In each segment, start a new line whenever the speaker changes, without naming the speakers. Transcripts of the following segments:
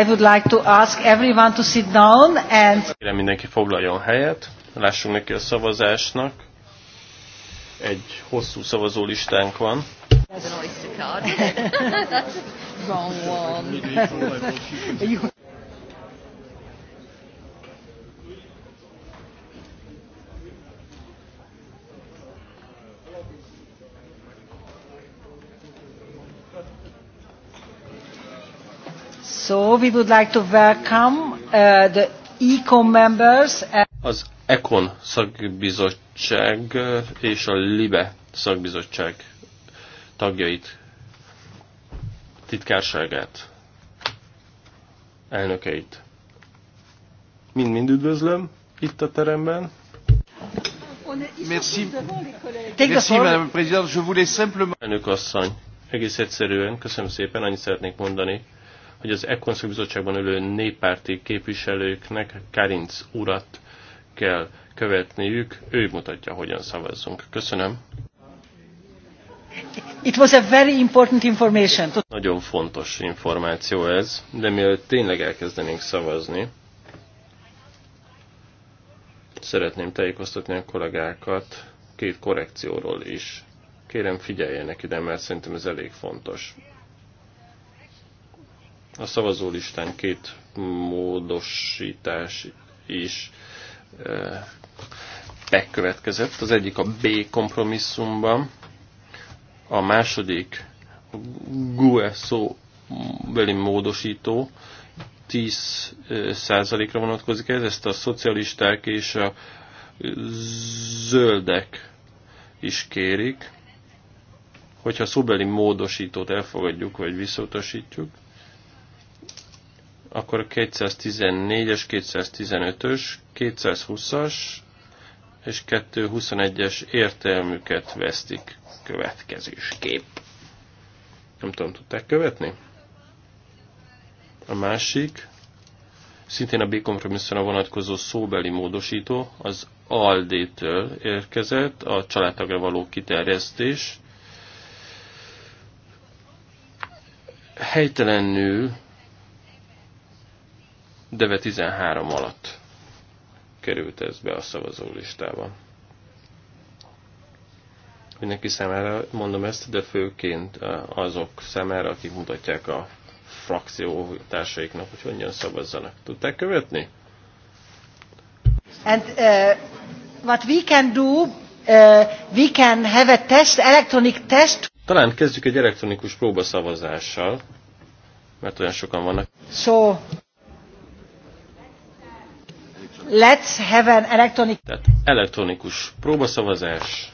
I would like to ask everyone to sit down and...
Kérem mindenki foglaljon helyet, lássunk neki a szavazásnak. Egy hosszú szavazólistánk van. That's an oyster card. That's Wrong one.
we would like to welcome uh, the ECOM members.
Az ECON szakbizottság uh, és a LIBE szakbizottság tagjait, titkárságát, elnökeit. Mind-mind üdvözlöm itt a teremben.
Merci. Merci, Madame Présidente.
Je voulais simplement... Elnök asszony, egész egyszerűen, köszönöm szépen, annyit szeretnék mondani, hogy az Ekonszak Bizottságban ülő néppárti képviselőknek Karinc urat kell követniük, ő mutatja, hogyan szavazzunk. Köszönöm.
It was a very important information.
Nagyon fontos információ ez, de mielőtt tényleg elkezdenénk szavazni, szeretném tájékoztatni a kollégákat két korrekcióról is. Kérem figyeljenek ide, mert szerintem ez elég fontos. A szavazólistán két módosítás is bekövetkezett. Az egyik a B kompromisszumban, a második a GUE szóbeli módosító 10%-ra vonatkozik ez, ezt a szocialisták és a zöldek is kérik, hogyha szóbeli módosítót elfogadjuk vagy visszautasítjuk, akkor 214-es, 215-ös, 220-as és 221-es értelmüket vesztik következésképp. Nem tudom, tudták követni? A másik, szintén a B-kompromisszona vonatkozó szóbeli módosító, az ALD-től érkezett, a családtagra való kiterjesztés. Helytelenül Deve 13 alatt került ez be a listába. Mindenki számára mondom ezt, de főként azok számára, akik mutatják a frakciótársaiknak, hogy hogyan szavazzanak. Tudták követni?
And uh, what we can do, uh, we can have a test, electronic test.
Talán kezdjük egy elektronikus próbaszavazással, mert olyan sokan vannak.
So, Let's have an electronic... Tehát
elektronikus próbaszavazás.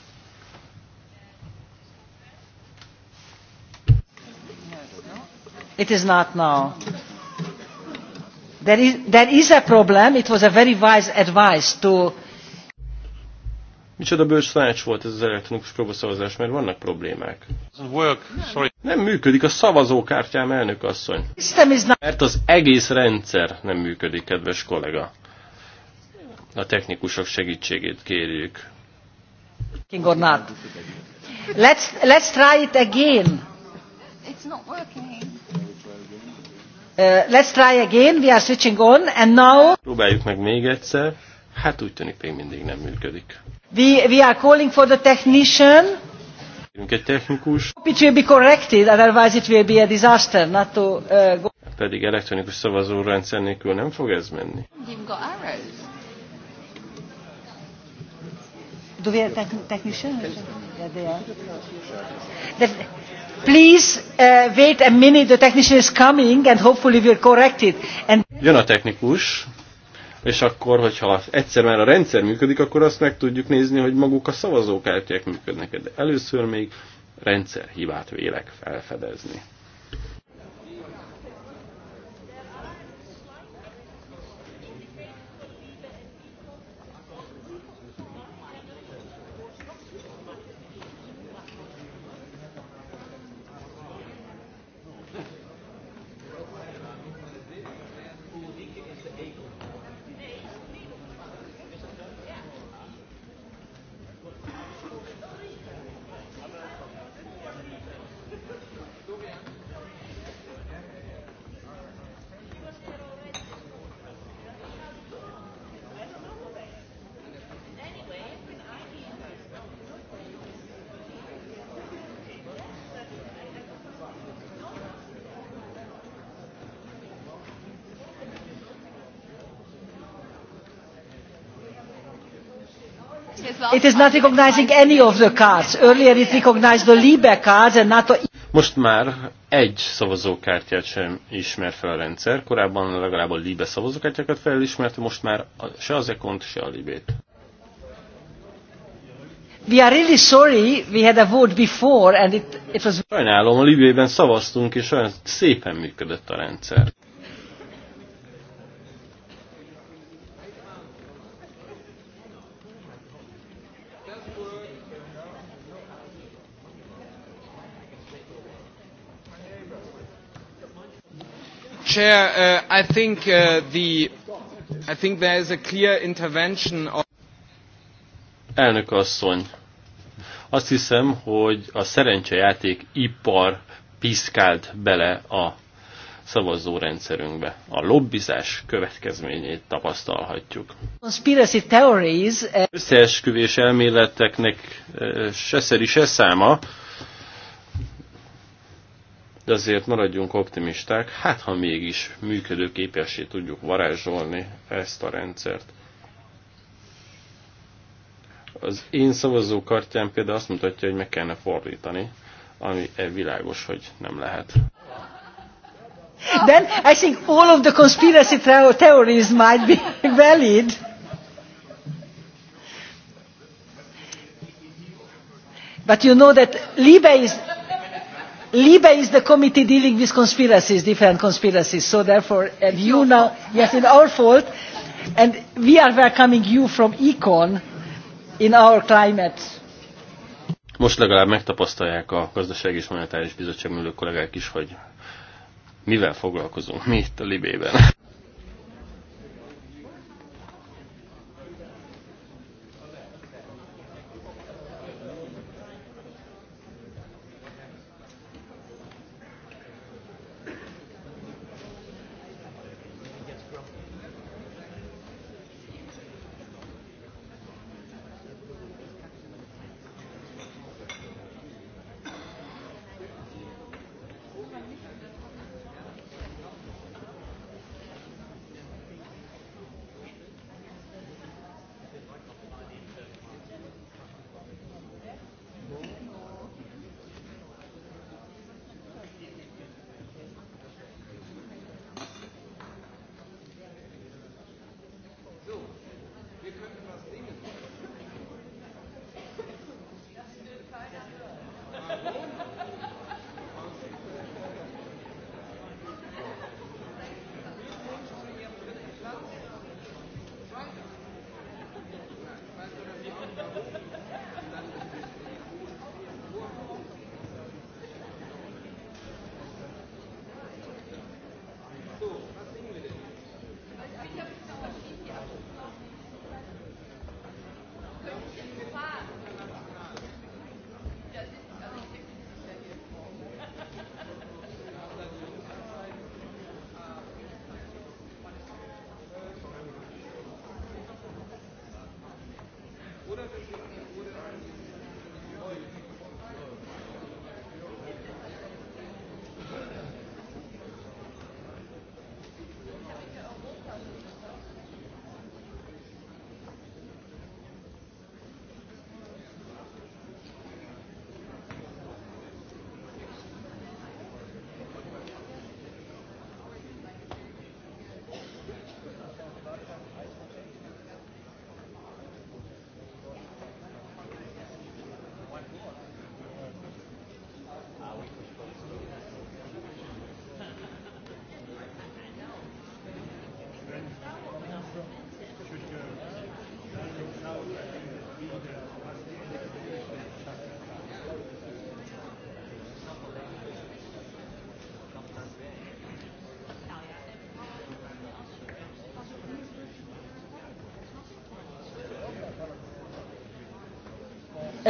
It is not now. There is, there is a problem. It was a very wise advice
to... Micsoda bölcs tanács volt ez az elektronikus próbaszavazás, mert vannak problémák. Work, sorry. Nem működik a szavazókártyám, elnök asszony. Mert az egész rendszer nem működik, kedves kollega a technikusok segítségét kérjük.
Or not. Let's, let's try it again.
It's not working.
Uh, let's try again, we are switching on, and now...
Próbáljuk meg még egyszer. Hát úgy tűnik, még mindig nem működik.
We, we are calling for the technician.
Kérünk egy technikus.
It will be corrected, otherwise it will be a disaster not to uh, go.
Pedig elektronikus szavazórendszer nélkül nem fog ez menni.
You've got arrows.
Do we have tech technicians? Yeah, they are. The, please uh, wait a minute, the technician is coming, and hopefully we'll correct it. And
Jön a technikus, és akkor, hogyha egyszer már a rendszer működik, akkor azt meg tudjuk nézni, hogy maguk a szavazókártyák működnek, de először még rendszerhibát vélek felfedezni.
It is not
recognizing any of the cards. Earlier it recognized the Libe cards and not the...
Most már egy szavazókártyát sem ismer fel a rendszer. Korábban legalább a Libe szavazókártyákat felismert, most már se az Ekont, se a Libét.
We are really sorry, we had a vote before and it, it was...
Sajnálom, a Libében szavaztunk, és olyan szépen működött a rendszer.
Chair, uh, I think uh, the I think there is a clear intervention
of Elnök asszony, azt hiszem, hogy a szerencsejáték ipar piszkált bele a szavazórendszerünkbe. A lobbizás következményét tapasztalhatjuk.
Eh,
Összeesküvés elméleteknek eh, se szeri, se száma, de azért maradjunk optimisták, hát ha mégis működőképessé tudjuk varázsolni ezt a rendszert. Az én szavazókartyám például azt mutatja, hogy meg kellene fordítani, ami -e világos, hogy nem lehet.
Then I think all of the conspiracy theories might be valid. But you know that Libya is libe is the committee dealing with conspiracies different conspiracies so therefore and you now fault. yes it's our fault and we are welcoming you from econ in our climate
most legalább megtapasztalják a Gazdasági és Monetáris Bizottság ülő kollégák is, hogy mivel foglalkozunk mi itt a Libében.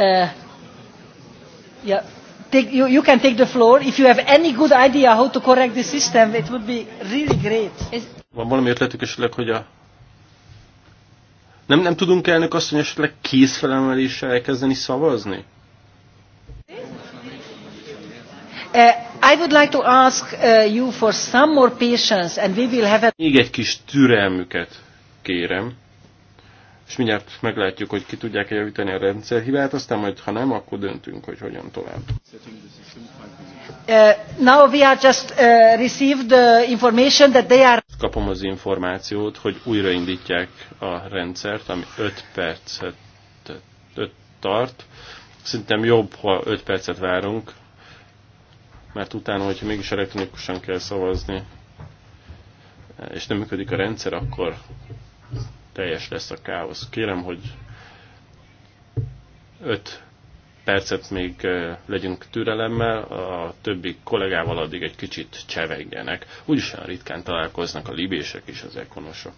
Uh, yeah. Take, you, you can take the floor. If you have any good idea how to correct the system, it would be really great.
Van valami ötletük esetleg, hogy a... Nem, nem tudunk elnök azt, hogy esetleg kézfelemeléssel elkezdeni szavazni?
Uh, I would like to ask uh, you for some more patience and we will have a...
Még egy kis türelmüket kérem és mindjárt meglátjuk, hogy ki tudják -e javítani a rendszerhibát, aztán majd, ha nem, akkor döntünk, hogy hogyan tovább.
Uh, now we are just uh, received the information that they are...
Kapom az információt, hogy újraindítják a rendszert, ami 5 percet 5 tart. Szerintem jobb, ha 5 percet várunk, mert utána, hogyha mégis elektronikusan kell szavazni, és nem működik a rendszer, akkor teljes lesz a káosz. Kérem, hogy 5 percet még legyünk türelemmel, a többi kollégával addig egy kicsit csevegjenek. Úgyis ritkán találkoznak a libések és az ekonosok.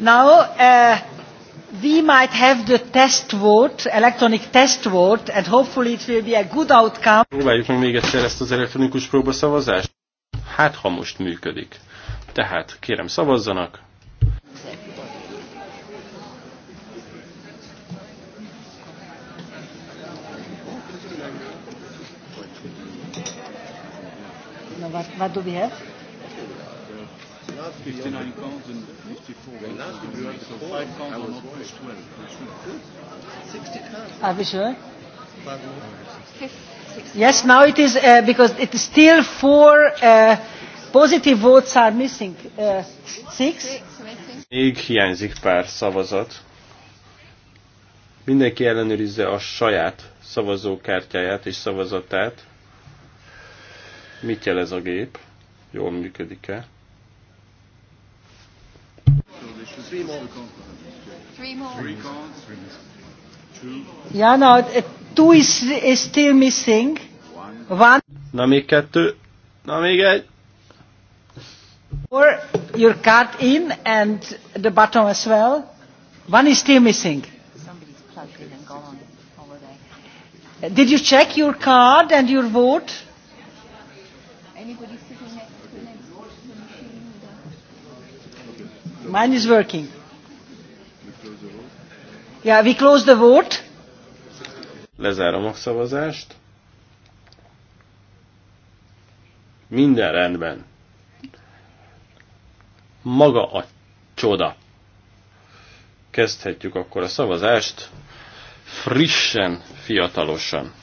Now, uh, we might have the test vote, electronic test vote, and hopefully it will be a good outcome.
Próbáljuk meg még egyszer ezt az elektronikus próbaszavazást. Hát, ha most működik. Tehát, kérem szavazzanak.
No, what, what do we have?
69 and 54. so five are not plus 12.
Good. 60 Are we sure?
Yes, now it is uh, because it is still four uh, positive votes are missing. Uh, six?
Még hiányzik pár szavazat. Mindenki ellenőrizze a saját szavazókártyáját és szavazatát. Mit ez a gép? Jól működik-e?
Three more.
Two. Yeah, no, two is, is still missing. One.
Na még kettő. Na még egy.
Or your card in and the bottom as well. One is still missing. Did you check your card and your vote? Mine is working. Yeah, we close the vote.
Lezárom a szavazást. Minden rendben. Maga a csoda. Kezdhetjük akkor a szavazást frissen, fiatalosan.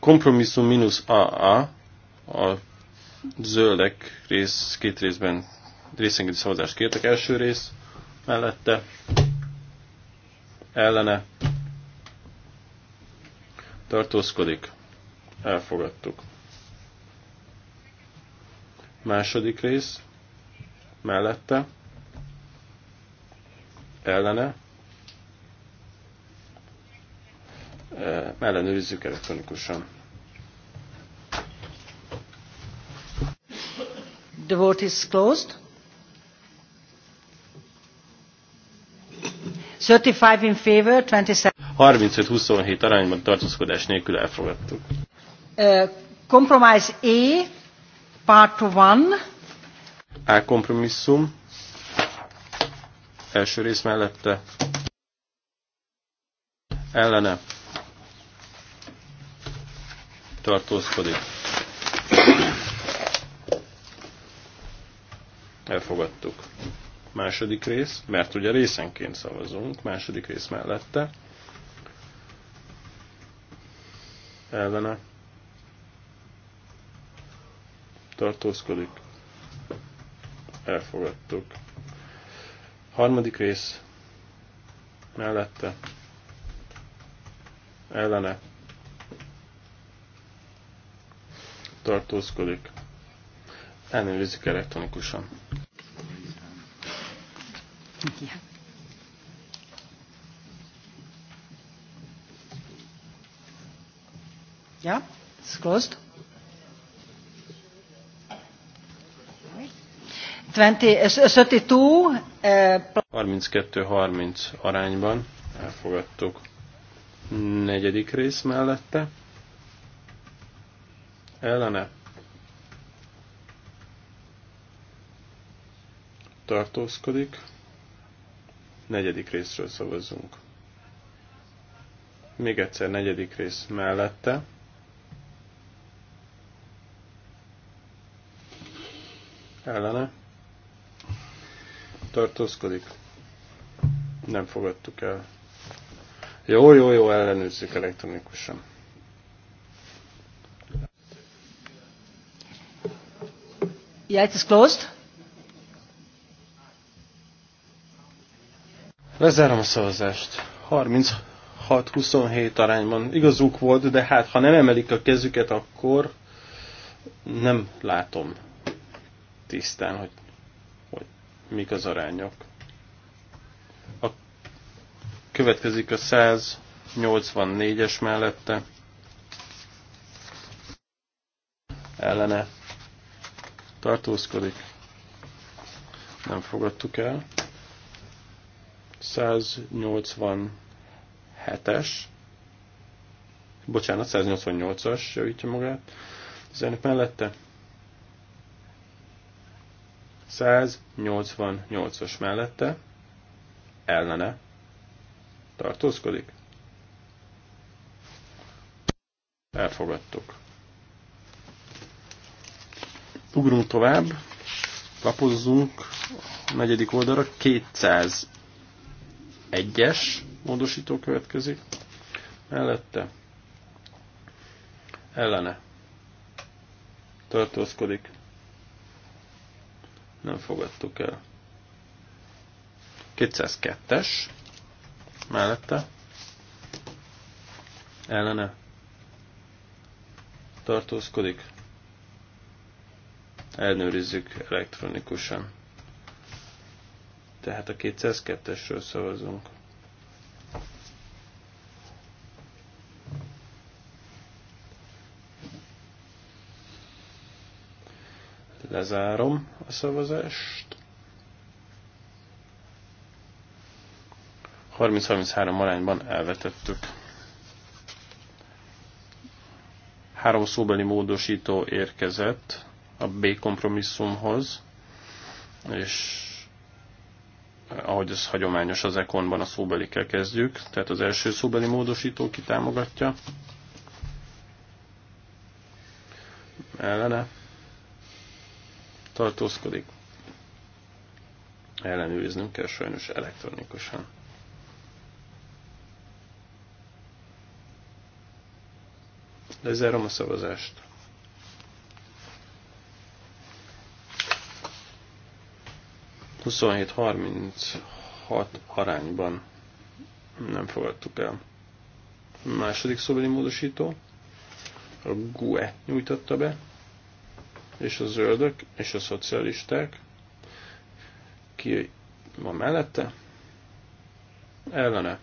Kompromisszum mínusz AA a Zöldek rész, két részben részengedi szavazást kértek. Első rész mellette, ellene tartózkodik. Elfogadtuk. Második rész mellette, ellene, eh, ellenőrizzük elektronikusan.
the vote is closed 35 in favor 27.
35-27 arányban tartózkodás nélkül elfogadtuk.
Uh, compromise A, part 1.
A kompromisszum. Első rész mellette. Ellene. Tartózkodik Elfogadtuk. Második rész, mert ugye részenként szavazunk, második rész mellette. Ellene. Tartózkodik. Elfogadtuk. Harmadik rész mellette, ellene tartózkodik. Ellenőrizzük elektronikusan.
Ja. it's closed. 32-30 uh,
uh, uh, arányban elfogadtuk negyedik rész mellette. Ellene tartózkodik. Negyedik részről szavazzunk. Még egyszer negyedik rész mellette. Ellene. Tartózkodik. Nem fogadtuk el. Jó, jó, jó, ellenőrzzük elektronikusan.
Yeah, it is closed.
Lezárom a szavazást. 36-27 arányban igazuk volt, de hát ha nem emelik a kezüket, akkor nem látom tisztán, hogy, hogy mik az arányok. A, következik a 184-es mellette. Ellene tartózkodik. Nem fogadtuk el. 187-es, bocsánat, 188-as javítja magát, az ennek mellette. 188-as mellette, ellene tartózkodik. Elfogadtuk. Ugrunk tovább, lapozzunk a negyedik oldalra, 200 egyes módosító következik. Mellette ellene tartózkodik. Nem fogadtuk el. 202-es mellette ellene tartózkodik. Elnőrizzük elektronikusan. Tehát a 202-esről szavazunk. Lezárom a szavazást. 30-33 arányban elvetettük. Három szóbeli módosító érkezett a B kompromisszumhoz, és ahogy ez hagyományos az ekonban, a szóbelikkel kezdjük. Tehát az első szóbeli módosító kitámogatja. Ellene. Tartózkodik. Ellenőriznünk kell sajnos elektronikusan. Lezárom a szavazást. 27-36 arányban nem fogadtuk el. A második szobeli módosító, a GUE nyújtotta be, és a zöldök, és a szocialisták, ki van mellette, ellene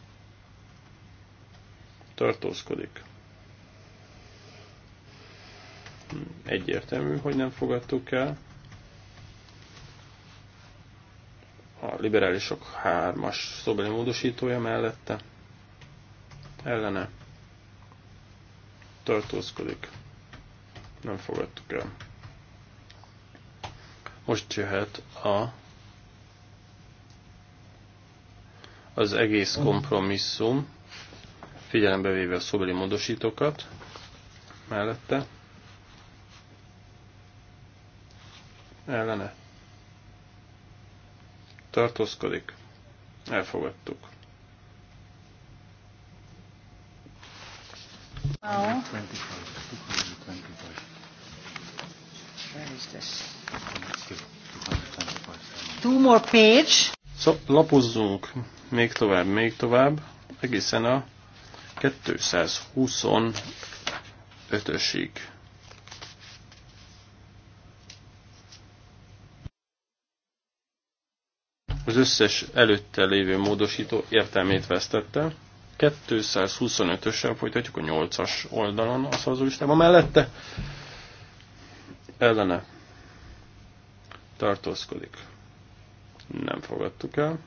tartózkodik. Egyértelmű, hogy nem fogadtuk el. a liberálisok hármas szobeli módosítója mellette ellene tartózkodik. Nem fogadtuk el. Most jöhet a az egész kompromisszum, figyelembe véve a szobeli módosítókat mellette ellene tartózkodik, elfogadtuk.
Two more page. Szó,
szóval lapozzunk még tovább, még tovább, egészen a 225-ösig. az összes előtte lévő módosító értelmét vesztette. 225-ösen folytatjuk a 8-as oldalon a szavazólistában mellette. Ellene tartózkodik. Nem fogadtuk el.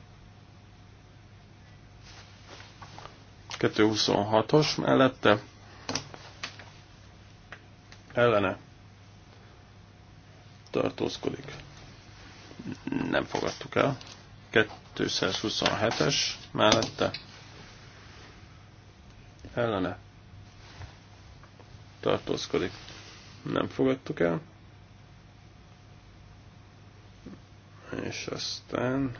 226-os mellette ellene tartózkodik. Nem fogadtuk el. 227-es mellette ellene tartózkodik. Nem fogadtuk el. És aztán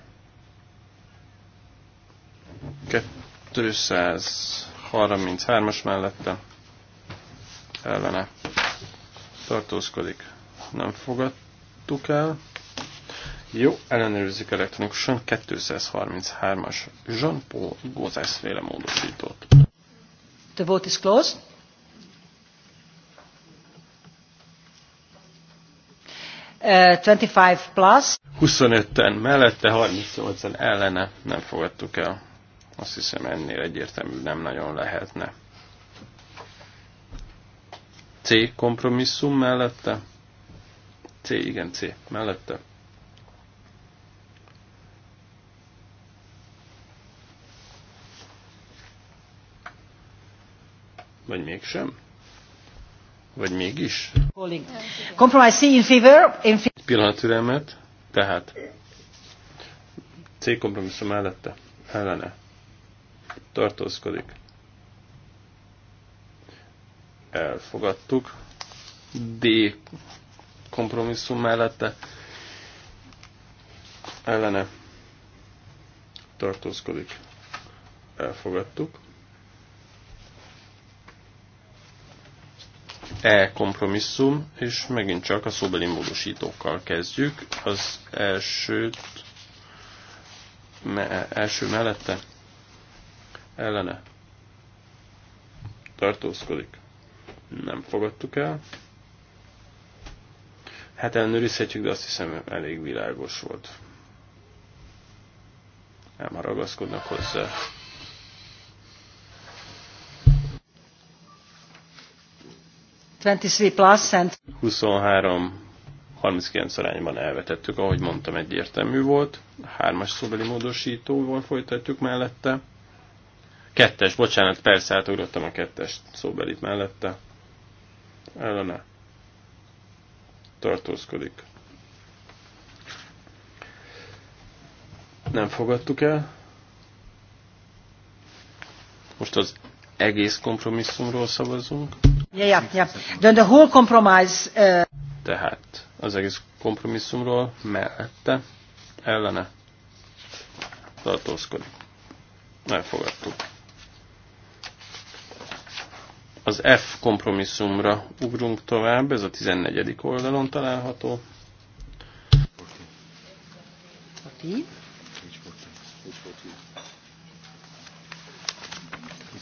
233-as mellette ellene tartózkodik. Nem fogadtuk el. Jó, ellenőrizzük elektronikusan 233-as Jean-Paul Gózás féle módosítót.
The vote is closed. Uh, 25 plusz.
25-en mellette, 38-en ellene nem fogadtuk el. Azt hiszem ennél egyértelmű nem nagyon lehetne. C kompromisszum mellette. C, igen, C mellette Vagy mégsem? Vagy mégis? Compromise
C in favor. In
Pillanat türelmet, tehát C kompromisszum mellette, ellene tartózkodik. Elfogadtuk. D kompromisszum mellette ellene tartózkodik. Elfogadtuk. E kompromisszum, és megint csak a szóbeli módosítókkal kezdjük. Az elsőt, me, első mellette ellene tartózkodik. Nem fogadtuk el. Hát ellenőrizhetjük, de azt hiszem elég világos volt. Nem, ha ragaszkodnak hozzá.
23
39 arányban elvetettük, ahogy mondtam, egyértelmű volt. Hármas szóbeli módosítóval folytatjuk mellette. Kettes, bocsánat, persze átugrottam a kettes szóbelit mellette. Ellene. Tartózkodik. Nem fogadtuk el. Most az egész kompromisszumról szavazunk.
Yeah, yeah, yeah. Then the whole compromise... Uh...
Tehát az egész kompromisszumról mellette, ellene tartózkodik. Elfogadtuk. Az F kompromisszumra ugrunk tovább, ez a 14. oldalon található. 14.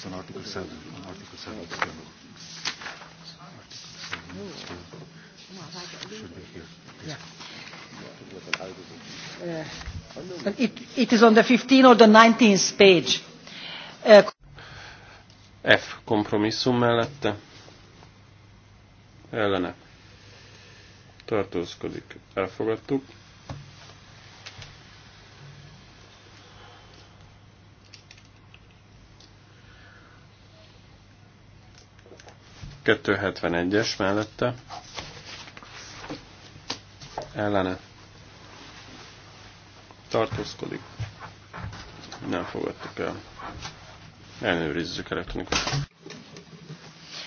on Article 7. On Article 7. It's still, Article 7
Uh, it, it is on the 15 or the 19th page. Uh,
F kompromisszum mellette ellene tartózkodik. Elfogadtuk. 271-es mellette ellene tartózkodik. Nem fogadtuk el. Ellenőrizzük elektronikus.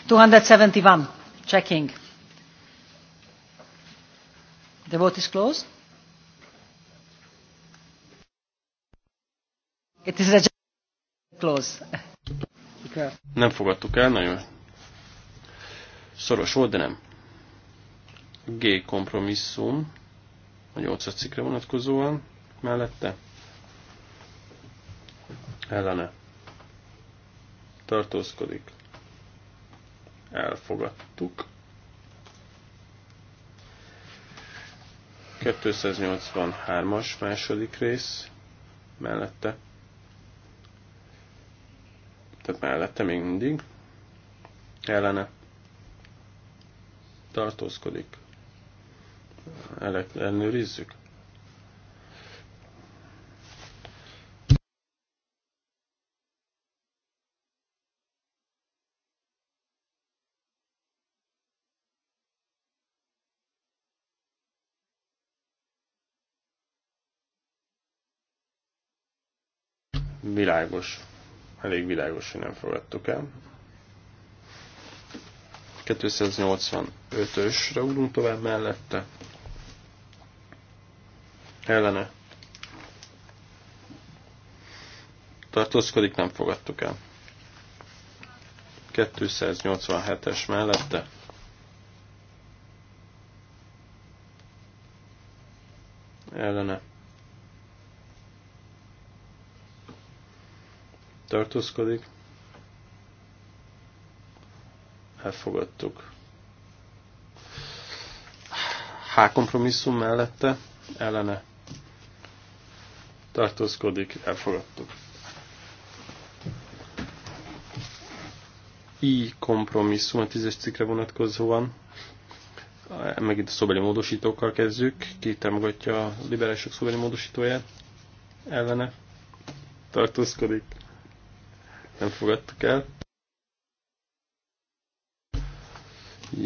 271. Checking. The vote is closed. It is a close.
Nem fogadtuk el, nagyon Szoros volt, de nem. G kompromisszum, a 8 cikkre vonatkozóan, mellette. Ellene. Tartózkodik. Elfogadtuk. 283-as második rész mellette. Tehát mellette még mindig. Ellene tartózkodik. Ellenőrizzük. Világos. Elég világos, hogy nem fogadtuk el. 285-ösre ugrunk tovább mellette. Ellene. Tartózkodik, nem fogadtuk el. 287-es mellette. Ellene. Tartózkodik elfogadtuk. H kompromisszum mellette ellene tartózkodik, elfogadtuk. I kompromisszum a tízes cikkre vonatkozóan. Megint a szobeli módosítókkal kezdjük. Ki támogatja a liberálisok szobeli módosítóját? Ellene tartózkodik. Nem fogadtuk el.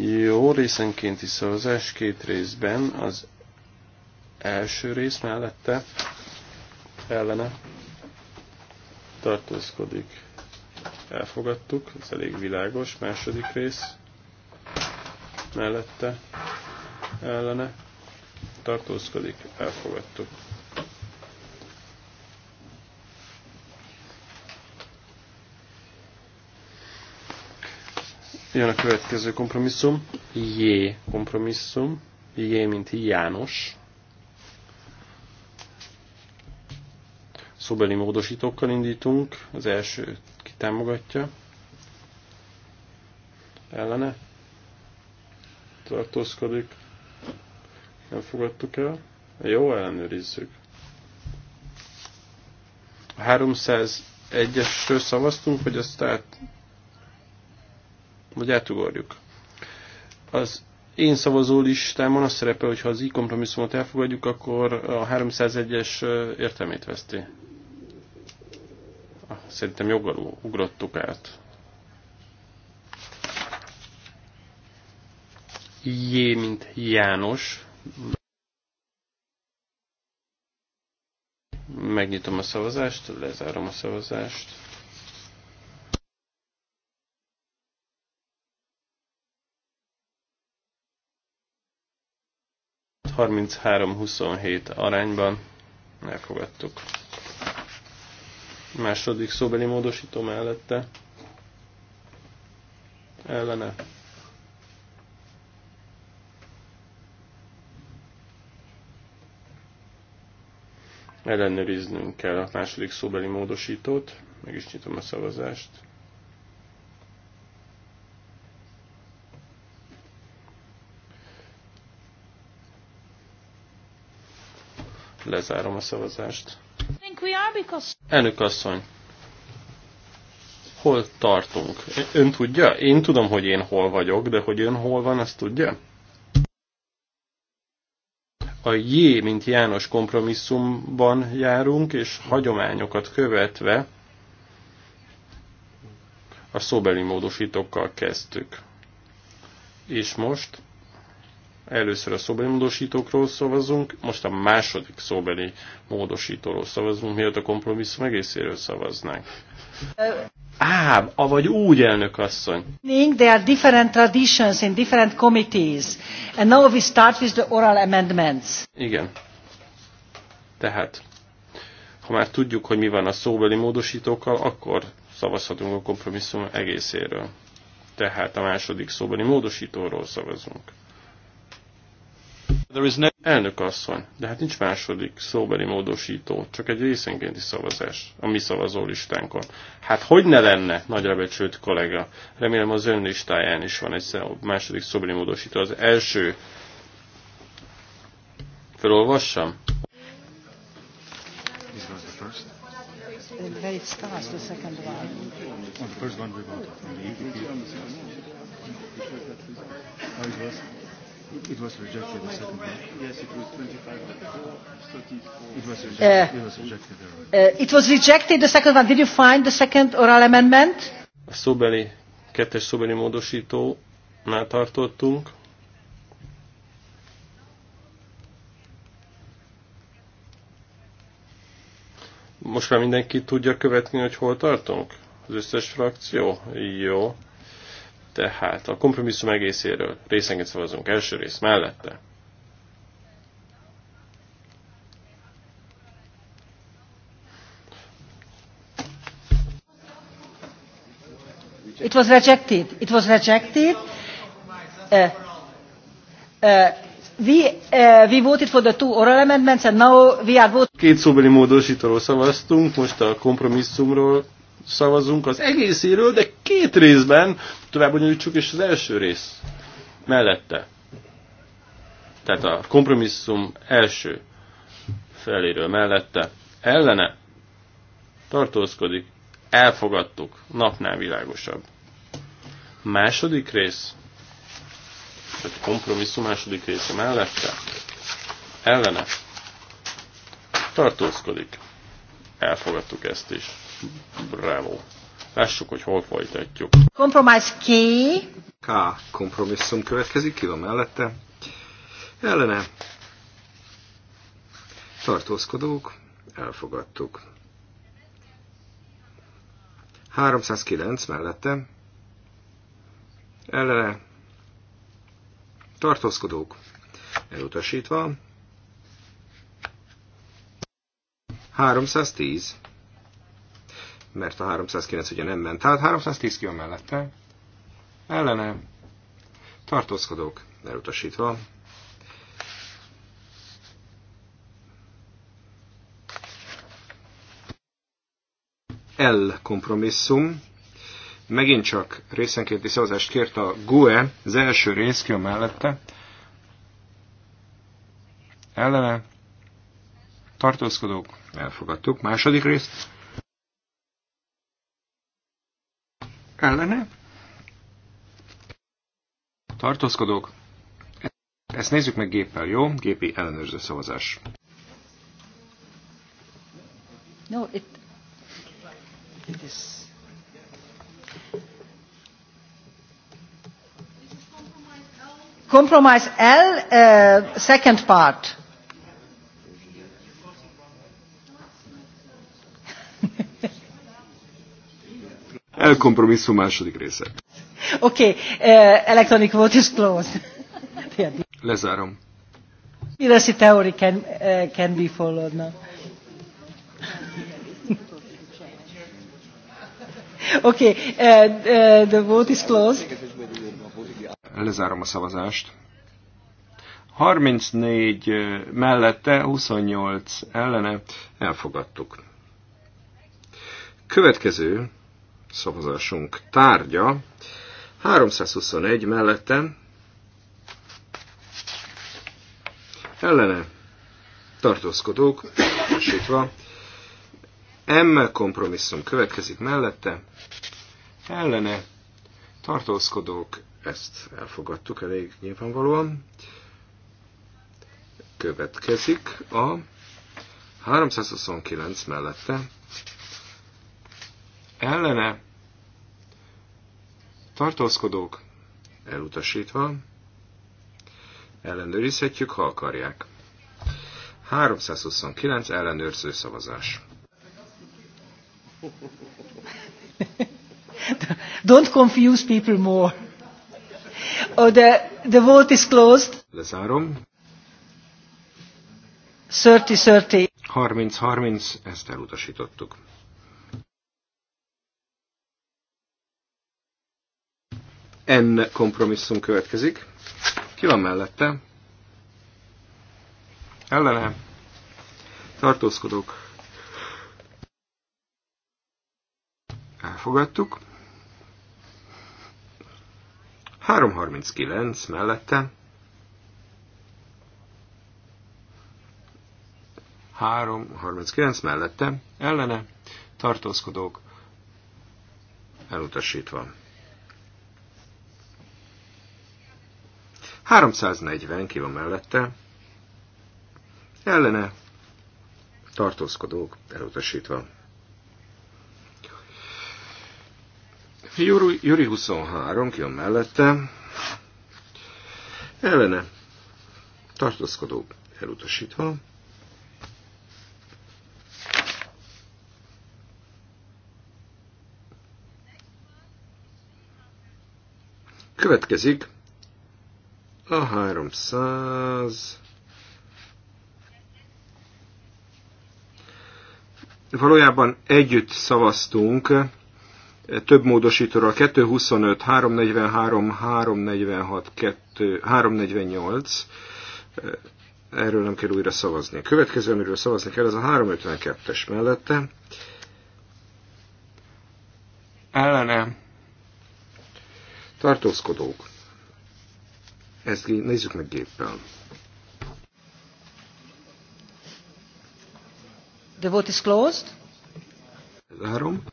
Jó, részenkénti szavazás két részben. Az első rész mellette ellene tartózkodik. Elfogadtuk, ez elég világos. Második rész mellette ellene tartózkodik. Elfogadtuk. Jön a következő kompromisszum. J kompromisszum. J, mint János. Szobeli módosítókkal indítunk. Az első kitámogatja. Ellene. Tartózkodik. Nem fogadtuk el. Jó, ellenőrizzük. A 301-esről szavaztunk, vagy azt át vagy átugorjuk. Az én szavazó listámon azt szerepel, hogy ha az i kompromisszumot elfogadjuk, akkor a 301-es értelmét veszti. Ah, szerintem joggal ugrottuk át. J, mint János. Megnyitom a szavazást, lezárom a szavazást. 33-27 arányban elfogadtuk. Második szóbeli módosító mellette ellene. Ellenőriznünk kell a második szóbeli módosítót, meg is nyitom a szavazást. Lezárom a szavazást. Elnök asszony, hol tartunk? Ön tudja? Én tudom, hogy én hol vagyok, de hogy ön hol van, azt tudja? A J, mint János kompromisszumban járunk, és hagyományokat követve a szóbeli módosítókkal kezdtük. És most Először a szóbeli módosítókról szavazunk, most a második szóbeli módosítóról szavazunk, miatt a kompromisszum egészéről szavaznánk. Á, avagy úgy, elnök asszony.
There are different traditions in different committees. And now we start with the oral amendments.
Igen. Tehát, ha már tudjuk, hogy mi van a szóbeli módosítókkal, akkor szavazhatunk a kompromisszum egészéről. Tehát a második szóbeli módosítóról szavazunk. Elnök asszony, de hát nincs második szóbeli módosító, csak egy részenkénti szavazás a mi listánkon. Hát hogy ne lenne, nagyra becsült kollega? Remélem az ön listáján is van egy második szóbeli módosító. Az első... Felolvassam? Oh, the first. one. we the e How oh, it was? It was rejected the second Yes, it was 25 34. It was rejected. Uh, it was rejected.
Uh, it was rejected the uh, second one. Did you find the second oral amendment?
A szóbeli, kettes szóbeli módosító már tartottunk. Most már mindenki tudja követni, hogy hol tartunk? Az összes frakció? Jó. Tehát a kompromisszum egészéről részenként szavazunk. Első rész mellette.
It was rejected. It was rejected. Uh, uh, we, uh, we voted for the two oral amendments and now we are voting.
Két szóbeli módosítóról szavaztunk, most a kompromisszumról szavazunk az egészéről, de két részben tovább bonyolítsuk, és az első rész mellette. Tehát a kompromisszum első feléről mellette ellene tartózkodik, elfogadtuk, napnál világosabb. Második rész, tehát kompromisszum második része mellette ellene tartózkodik. Elfogadtuk ezt is. Bravo. Lássuk, hogy hol folytatjuk.
Kompromisz ki.
K. Kompromisszum következik, ki van mellette. Ellene. Tartózkodók. Elfogadtuk. 309 mellette. Ellene. Tartózkodók. Elutasítva. 310 mert a 309 ugye nem ment. Tehát 310 kijön mellette, ellene, tartózkodók elutasítva. L kompromisszum. Megint csak részenkénti szavazást kért a GUE, az első rész ki mellette. Ellene tartózkodók, elfogadtuk. Második rész ellene tartózkodók. Ezt nézzük meg géppel, jó? Gépi ellenőrző szavazás.
No, it, it is... Compromise L, uh, second part.
Elkompromisszum második része.
Oké, okay. uh, eh, electronic vote is closed. Lezárom. Literacy theory can, uh, can be followed now. Oké, okay. uh, eh, uh, the vote is closed.
Lezárom a szavazást. 34 mellette, 28 ellene elfogadtuk. Következő szavazásunk tárgya. 321 mellette ellene tartózkodók, sütva. M kompromisszum következik mellette, ellene tartózkodók, ezt elfogadtuk elég nyilvánvalóan. Következik a 329 mellette, ellene tartózkodók elutasítva, ellenőrizhetjük, ha akarják. 329 ellenőrző szavazás.
Don't confuse people more. Oh, the, the vote is closed.
Lezárom.
30-30.
30-30, ezt elutasítottuk. N kompromisszum következik. Ki van mellette? Ellene. Tartózkodok. Elfogadtuk. 339 mellette. 339 mellette. Ellene. Tartózkodók. Elutasítva. 340 kiló mellette, ellene tartózkodók elutasítva. Júri, 23 kiló mellette, ellene tartózkodók elutasítva. Következik a 300... Valójában együtt szavaztunk eh, több módosítóra 225, 343, 346, 2, 348. Erről nem kell újra szavazni. A Következő, amiről szavazni kell, ez a 352-es mellette. Ellene tartózkodók ezt nézzük meg géppel.
The vote is closed. Zárom.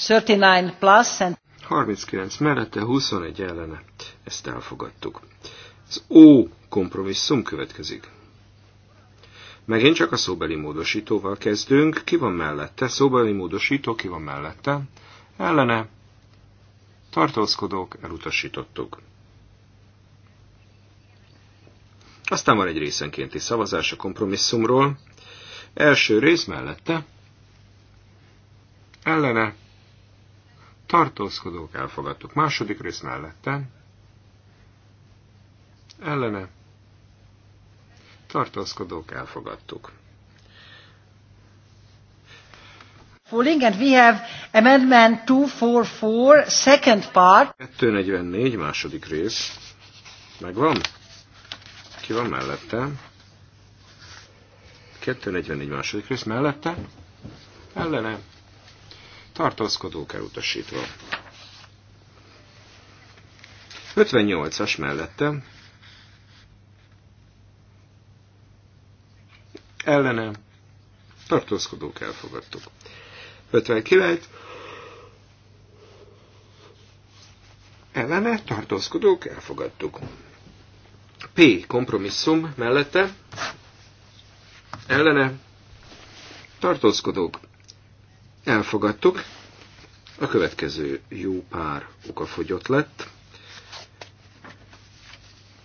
39 plus and
39 mellette, 21 ellene. Ezt elfogadtuk. Az O kompromisszum következik. Megint csak a szóbeli módosítóval kezdünk. Ki van mellette? Szóbeli módosító ki van mellette? Ellene tartózkodók, elutasítottuk. Aztán van egy részenkénti szavazás a kompromisszumról. Első rész mellette ellene tartózkodók elfogadtuk. Második rész mellette ellene tartózkodók elfogadtuk.
falling, and we have amendment 244, second part.
244, második rész. Megvan? Ki van mellette? 244 második rész mellette? Ellene. Tartózkodók elutasítva. 58-as mellette. Ellene. Tartózkodók elfogadtuk. 59 ellene tartózkodók elfogadtuk. P. Kompromisszum mellette ellene tartózkodók elfogadtuk. A következő jó pár okafogyott lett,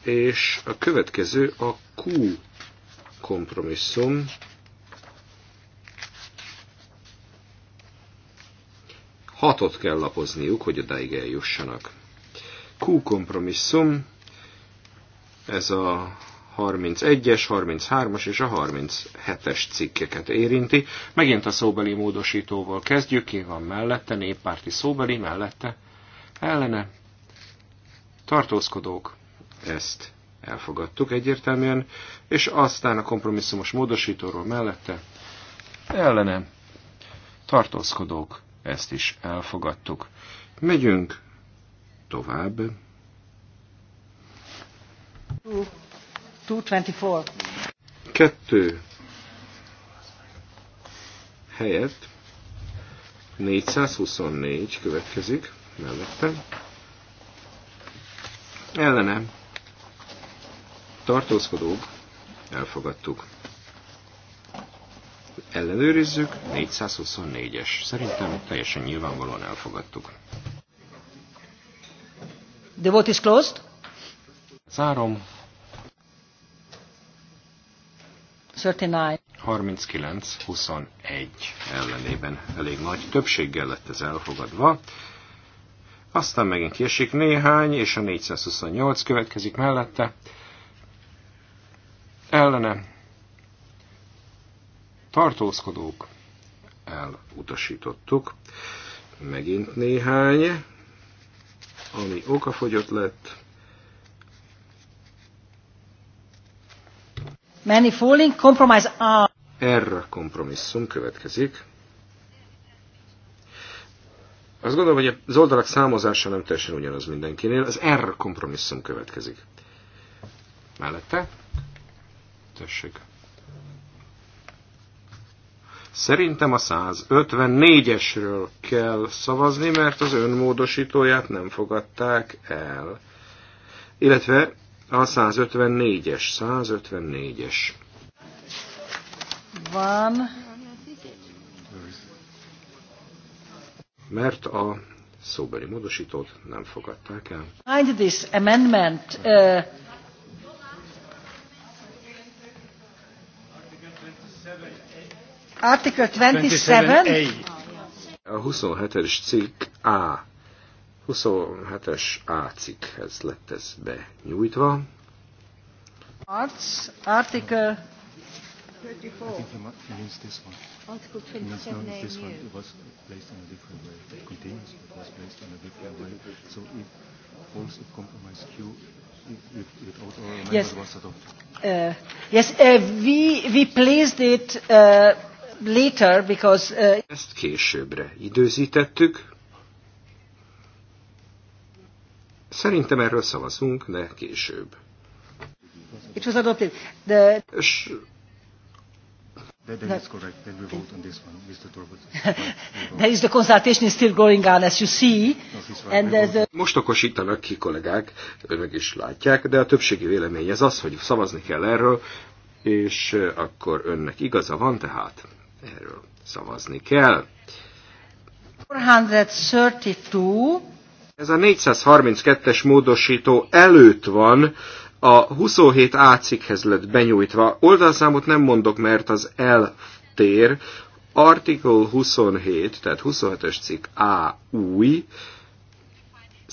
és a következő a Q kompromisszum hatot kell lapozniuk, hogy odáig eljussanak. Q kompromisszum, ez a 31-es, 33-as és a 37-es cikkeket érinti. Megint a szóbeli módosítóval kezdjük, ki van mellette, néppárti szóbeli, mellette, ellene, tartózkodók, ezt elfogadtuk egyértelműen, és aztán a kompromisszumos módosítóról mellette, ellene, tartózkodók, ezt is elfogadtuk. Megyünk tovább.
224.
Kettő helyett 424 következik mellettem. Ellenem tartózkodók elfogadtuk ellenőrizzük, 424-es. Szerintem teljesen nyilvánvalóan
elfogadtuk. The vote is closed. Zárom. 39.
39-21 ellenében elég nagy többséggel lett ez elfogadva. Aztán megint kiesik néhány, és a 428 következik mellette. Ellene tartózkodók, elutasítottuk. Megint néhány, ami okafogyott lett.
Many falling, compromise R.
Erre kompromisszum következik. Azt gondolom, hogy az oldalak számozása nem teljesen ugyanaz mindenkinél. Az R kompromisszum következik. Mellette? Tessék. Szerintem a 154-esről kell szavazni, mert az önmódosítóját nem fogadták el. Illetve a 154-es, 154-es. Van. Mert a szóbeli módosítót nem fogadták el.
Find this amendment, uh... Article 27.
A 27-es cikk A. 27-es A cikkhez lett ez benyújtva.
Arts, Article 34.
Article yes.
Uh, yes, uh, we, we placed it uh, later because, uh...
Ezt későbbre időzítettük. Szerintem erről szavazunk, de később.
It was adopted. The... S...
That, that is correct. Then we vote on this one, Mr. Torvalds.
there is the consultation is still going on, as you see. And there's a...
Most okosítanak ki kollégák, önök is látják, de a többségi vélemény ez az, hogy szavazni kell erről, és akkor önnek igaza van tehát erről szavazni kell.
432.
Ez a 432-es módosító előtt van, a 27A cikkhez lett benyújtva. Oldalszámot nem mondok, mert az L tér. Article 27, tehát 27-es cikk A új,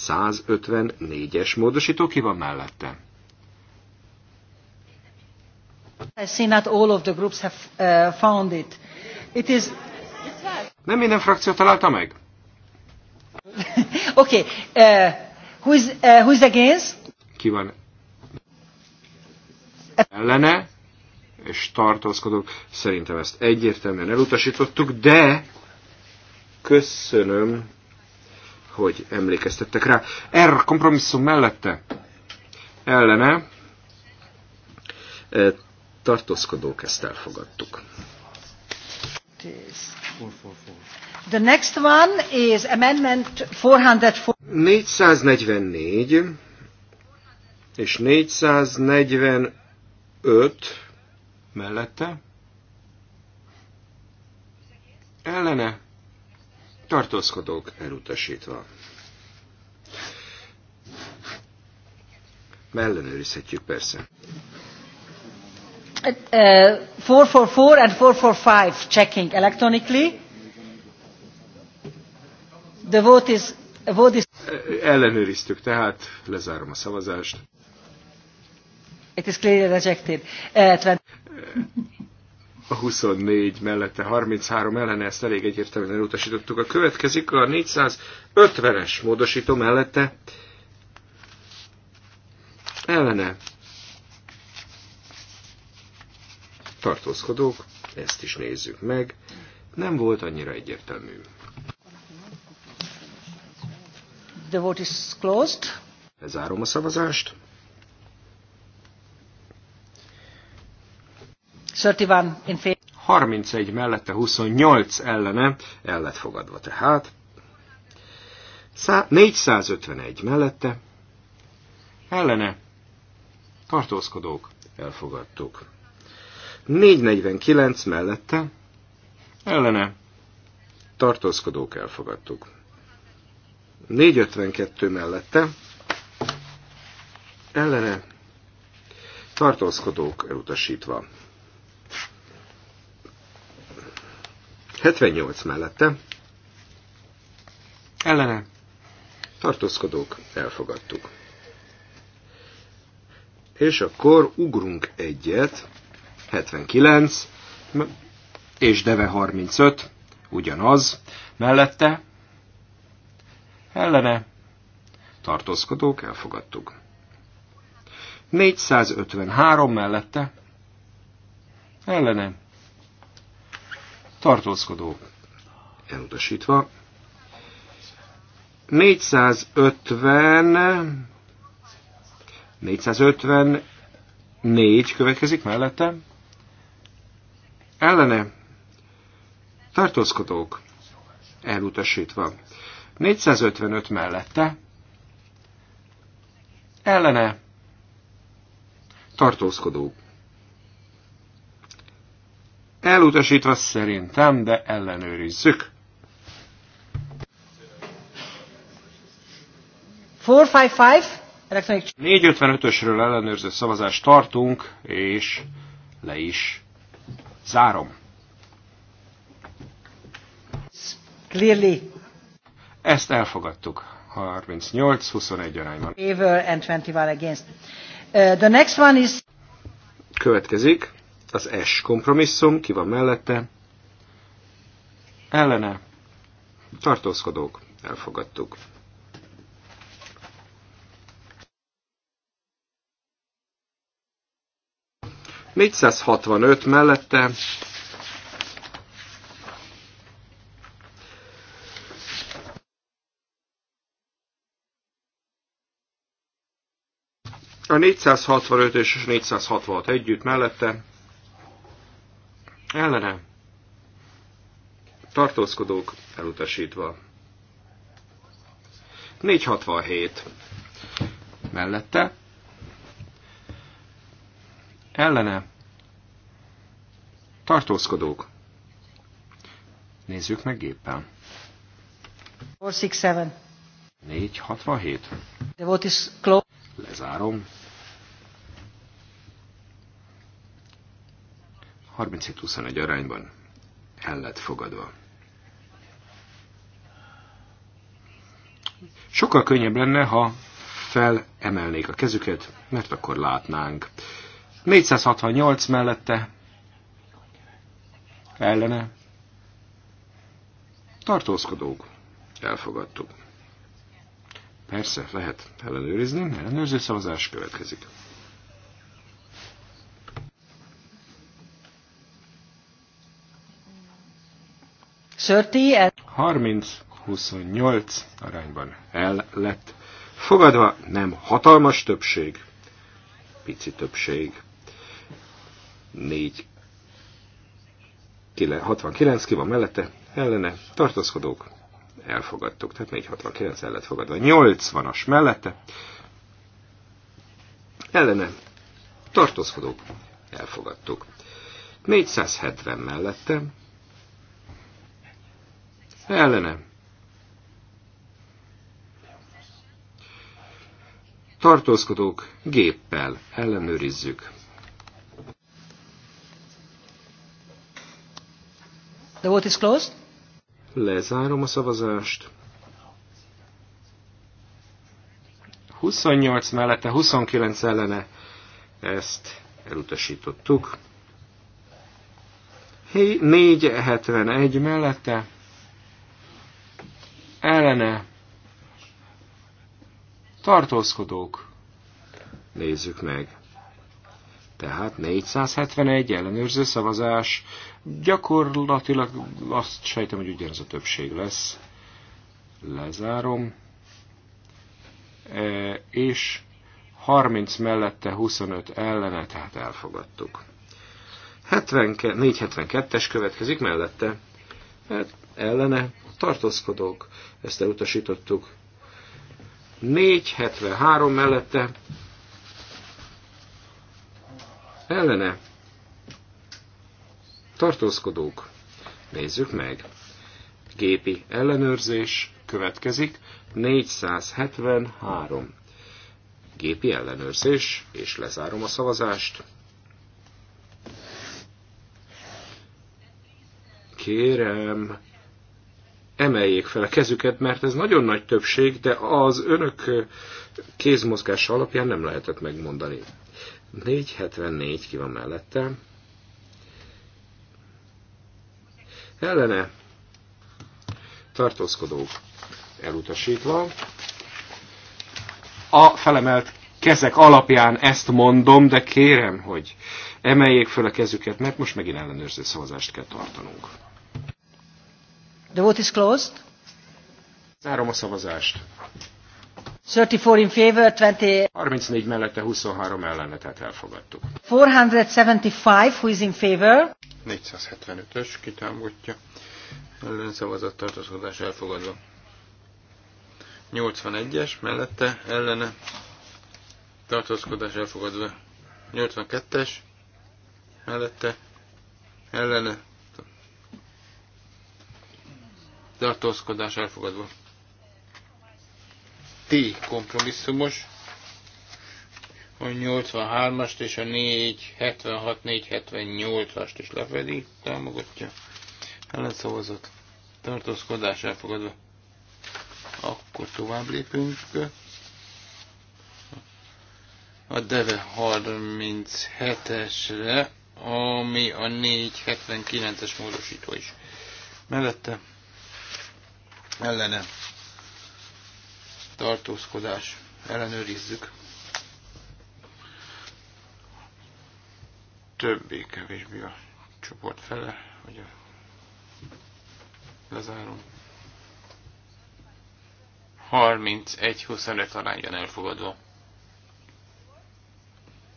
154-es módosító, ki van mellette?
I've seen that all of the groups have uh, found it. It is...
Nem minden frakció találta meg?
Oké. Okay. Uh, who's, uh, who's against?
Ki van? Ellene és tartózkodok. Szerintem ezt egyértelműen elutasítottuk, de köszönöm, hogy emlékeztettek rá. Err kompromisszum mellette ellene eh, tartózkodók, ezt elfogadtuk
it is. 444. The next one is amendment 444.
444 és 445 mellette ellene tartózkodók elutasítva. Ellenőrizhetjük persze.
444 uh, and 445 checking electronically. The vote is, a vote is...
Ellenőriztük tehát, lezárom a szavazást.
It is clearly rejected. Uh,
a 24 mellette 33 ellene, ezt elég egyértelműen utasítottuk A következik a 450-es módosító mellette ellene tartózkodók, ezt is nézzük meg, nem volt annyira egyértelmű.
The vote is closed. Lezárom a szavazást.
31 mellette 28 ellene, el lett fogadva tehát. 451 mellette, ellene, tartózkodók, elfogadtuk. 449 mellette ellene tartózkodók elfogadtuk. 452 mellette ellene tartózkodók elutasítva. 78 mellette ellene tartózkodók elfogadtuk. És akkor ugrunk egyet 79, és Deve 35, ugyanaz, mellette, ellene, tartózkodók, elfogadtuk. 453 mellette, ellene, tartózkodók, elutasítva. 450, 454 következik mellette, ellene tartózkodók elutasítva. 455 mellette ellene tartózkodók elutasítva szerintem, de ellenőrizzük. 455-ösről ellenőrző szavazást tartunk, és le is Zárom.
Clearly.
Ezt elfogadtuk. 38-21 arányban.
Favor and 21 against. Uh, the next one is...
Következik az S kompromisszum, ki van mellette. Ellene. Tartózkodók. Elfogadtuk. 465 mellette a 465 és 466 együtt mellette ellene tartózkodók elutasítva. 467 mellette ellene tartózkodók. Nézzük meg géppel.
467.
467.
is Lezárom.
37-21 arányban el lett fogadva. Sokkal könnyebb lenne, ha felemelnék a kezüket, mert akkor látnánk. 468 mellette ellene tartózkodók. Elfogadtuk. Persze, lehet ellenőrizni, ellenőrző szavazás következik. Sörti el. 30-28 arányban el lett fogadva, nem hatalmas többség, pici többség. 4 69 ki van mellette, ellene, tartózkodók, elfogadtuk, tehát 469 el lett fogadva, 80-as mellette, ellene, tartózkodók, elfogadtuk, 470 mellette, ellene, tartózkodók, géppel ellenőrizzük,
The vote is closed.
Lezárom a szavazást. 28 mellette, 29 ellene ezt elutasítottuk. 471 mellette ellene tartózkodók. Nézzük meg. Tehát 471 ellenőrző szavazás, gyakorlatilag azt sejtem, hogy ugyanaz a többség lesz. Lezárom. E, és 30 mellette 25 ellene, tehát elfogadtuk. 472-es következik mellette. Hát ellene tartózkodók, ezt elutasítottuk. 473 mellette ellene tartózkodók. Nézzük meg. Gépi ellenőrzés következik. 473. Gépi ellenőrzés, és lezárom a szavazást. Kérem, emeljék fel a kezüket, mert ez nagyon nagy többség, de az önök kézmozgása alapján nem lehetett megmondani. 474 ki van mellette. Ellene tartózkodók elutasítva. A felemelt kezek alapján ezt mondom, de kérem, hogy emeljék föl a kezüket, mert most megint ellenőrző szavazást kell tartanunk.
The vote is closed.
Zárom a szavazást.
34
mellette, 23
ellenetet elfogadtuk.
475, is favor?
475-ös, kitámogatja. szavazat tartózkodás elfogadva. 81-es, mellette, ellene, tartózkodás elfogadva. 82-es, mellette, ellene, tartózkodás elfogadva. T kompromisszumos, a 83-ast és a 476 478-ast is lefedi, támogatja. Ellenszavazat. Tartózkodás elfogadva. Akkor tovább lépünk. A Deve 37-esre, ami a 479-es módosító is. Mellette ellene tartózkodás, ellenőrizzük. Többé-kevésbé a csoport fele, hogy a lezárom. 31-25 arányban elfogadva.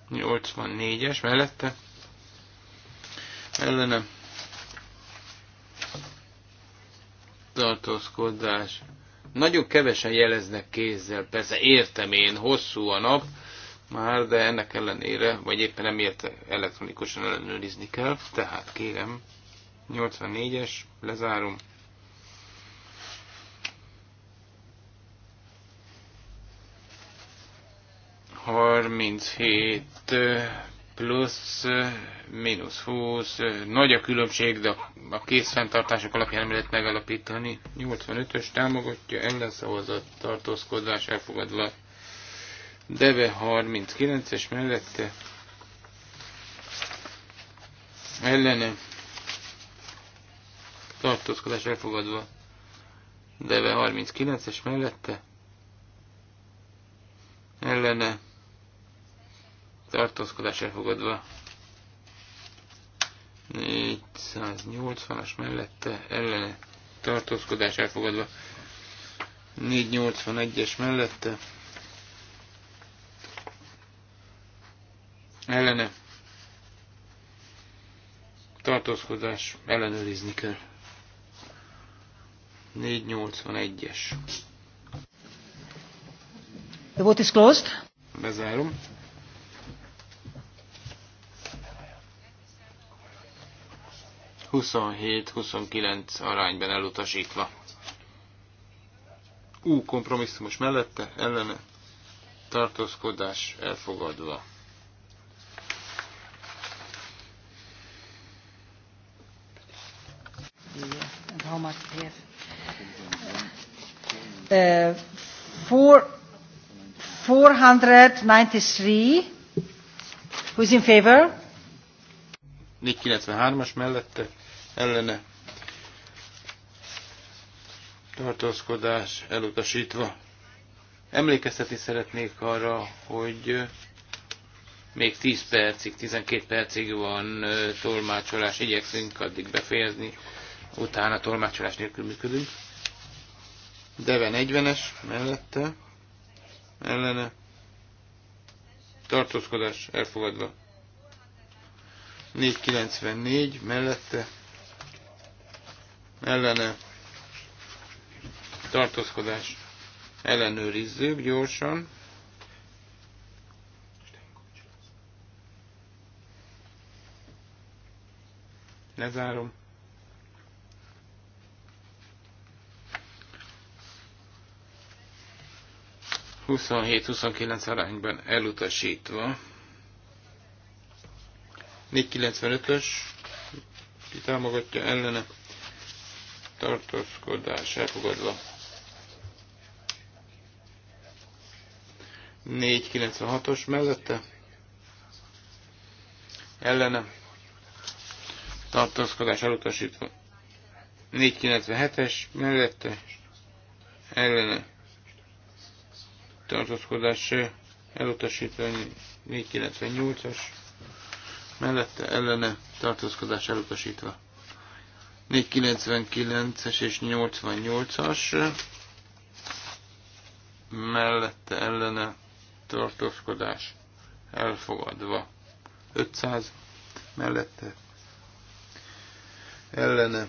84-es mellette. Ellenem. Tartózkodás nagyon kevesen jeleznek kézzel, persze értem én, hosszú a nap már, de ennek ellenére, vagy éppen nem érte, elektronikusan ellenőrizni kell, tehát kérem, 84-es, lezárom. Harminchét plusz, mínusz 20, nagy a különbség, de a készfenntartások alapján nem lehet megalapítani. 85-ös támogatja, ellenszavazat, tartózkodás, elfogadva. Deve 39-es mellette. Ellene. Tartózkodás elfogadva. Deve 39-es mellette. Ellene tartózkodás elfogadva. 480-as mellette ellene tartózkodás elfogadva. 481-es mellette ellene tartózkodás ellenőrizni kell. 481-es.
The vote is closed.
Bezárom. 27-29 arányban elutasítva. U kompromisszumos mellette, ellene tartózkodás elfogadva.
how much Uh, four, 493, who's in favor?
493-as mellette ellene tartózkodás elutasítva. Emlékeztetni szeretnék arra, hogy még 10 percig, 12 percig van tolmácsolás, igyekszünk addig befejezni, utána tolmácsolás nélkül működünk. Deve 40-es mellette, ellene, tartózkodás elfogadva. 494 mellette, ellene tartózkodás ellenőrizzük gyorsan. Lezárom. Huszonhét, huszonkilenc arányban elutasítva. 495-ös kitámogatja ellene tartózkodás elfogadva. 496-os mellette ellene tartózkodás elutasítva. 497-es mellette ellene tartózkodás elutasítva. 498-as mellette ellene tartózkodás elutasítva. 499-es és 88-as mellette ellene tartózkodás elfogadva. 500 mellette ellene